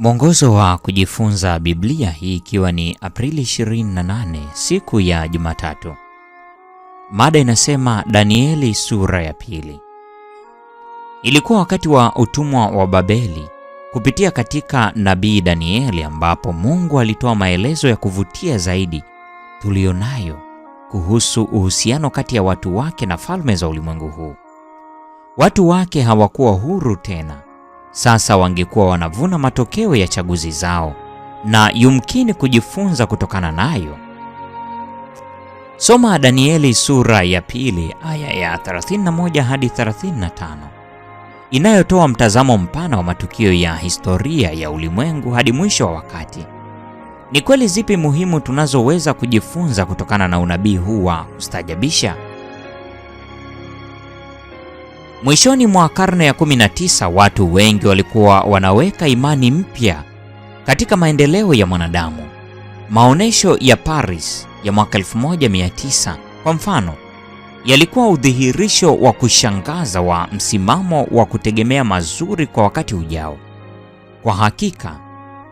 Mwongozo wa kujifunza Biblia hii ikiwa ni Aprili 28 siku ya Jumatatu. Mada inasema Danieli sura ya pili. Ilikuwa wakati wa utumwa wa Babeli kupitia katika nabii Danieli ambapo Mungu alitoa maelezo ya kuvutia zaidi tuliyonayo kuhusu uhusiano kati ya watu wake na falme za ulimwengu huu. Watu wake hawakuwa huru tena sasa wangekuwa wanavuna matokeo ya chaguzi zao na yumkini kujifunza kutokana nayo. Soma Danieli sura ya pili aya ya 31 hadi 35 inayotoa mtazamo mpana wa matukio ya historia ya ulimwengu hadi mwisho wa wakati. Ni kweli zipi muhimu tunazoweza kujifunza kutokana na unabii huu wa kustajabisha? Mwishoni mwa karne ya 19 watu wengi walikuwa wanaweka imani mpya katika maendeleo ya mwanadamu. Maonesho ya Paris ya mwaka 1900 kwa mfano, yalikuwa udhihirisho wa kushangaza wa msimamo wa kutegemea mazuri kwa wakati ujao. Kwa hakika,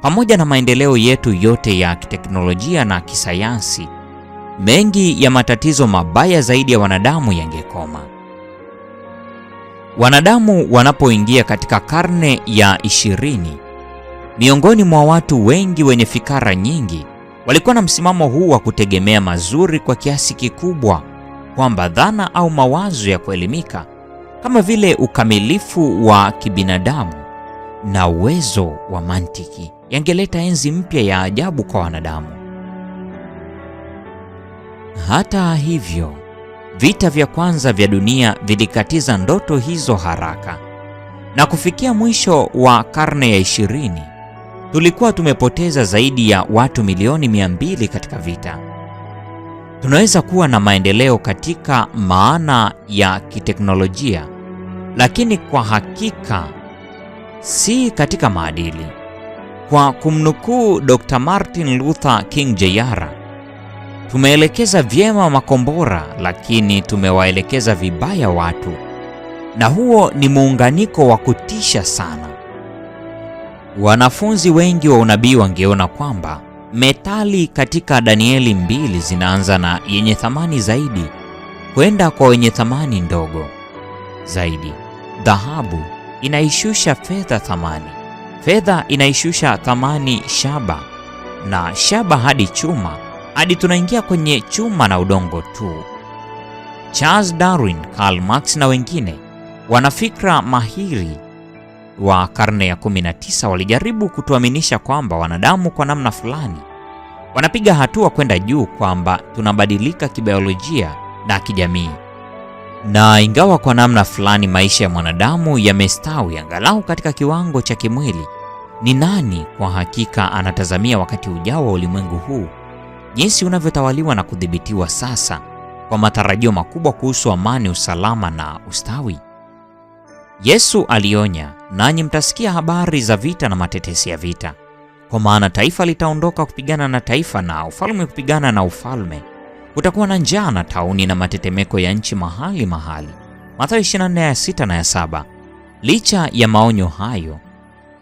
pamoja na maendeleo yetu yote ya kiteknolojia na kisayansi, mengi ya matatizo mabaya zaidi ya wanadamu yangekoma. Wanadamu wanapoingia katika karne ya ishirini, miongoni mwa watu wengi wenye fikara nyingi walikuwa na msimamo huu wa kutegemea mazuri kwa kiasi kikubwa, kwamba dhana au mawazo ya kuelimika kama vile ukamilifu wa kibinadamu na uwezo wa mantiki yangeleta enzi mpya ya ajabu kwa wanadamu. Hata hivyo Vita vya kwanza vya dunia vilikatiza ndoto hizo haraka, na kufikia mwisho wa karne ya ishirini tulikuwa tumepoteza zaidi ya watu milioni mia mbili katika vita. Tunaweza kuwa na maendeleo katika maana ya kiteknolojia, lakini kwa hakika si katika maadili. Kwa kumnukuu Dr. Martin Luther King Jr. Tumeelekeza vyema makombora, lakini tumewaelekeza vibaya watu, na huo ni muunganiko wa kutisha sana. Wanafunzi wengi wa unabii wangeona kwamba metali katika Danieli mbili zinaanza na yenye thamani zaidi kwenda kwa wenye thamani ndogo zaidi. Dhahabu inaishusha fedha thamani, fedha inaishusha thamani shaba, na shaba hadi chuma hadi tunaingia kwenye chuma na udongo tu. Charles Darwin, Karl Marx na wengine wanafikra mahiri wa karne ya 19 walijaribu kutuaminisha kwamba wanadamu kwa namna fulani wanapiga hatua kwenda juu, kwamba tunabadilika kibiolojia na kijamii. Na ingawa kwa namna fulani maisha ya mwanadamu yamestawi angalau katika kiwango cha kimwili, ni nani kwa hakika anatazamia wakati ujao wa ulimwengu huu jinsi unavyotawaliwa na kudhibitiwa sasa kwa matarajio makubwa kuhusu amani, usalama na ustawi. Yesu alionya, nanyi mtasikia habari za vita na matetesi ya vita. Kwa maana taifa litaondoka kupigana na taifa na ufalme kupigana na ufalme. Kutakuwa na njaa na tauni na matetemeko ya nchi mahali mahali. Mathayo 24 6 na ya 7. Licha ya maonyo hayo,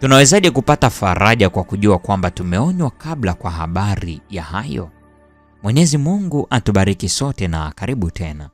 tunawezaje kupata faraja kwa kujua kwamba tumeonywa kabla kwa habari ya hayo? Mwenyezi Mungu atubariki sote na karibu tena.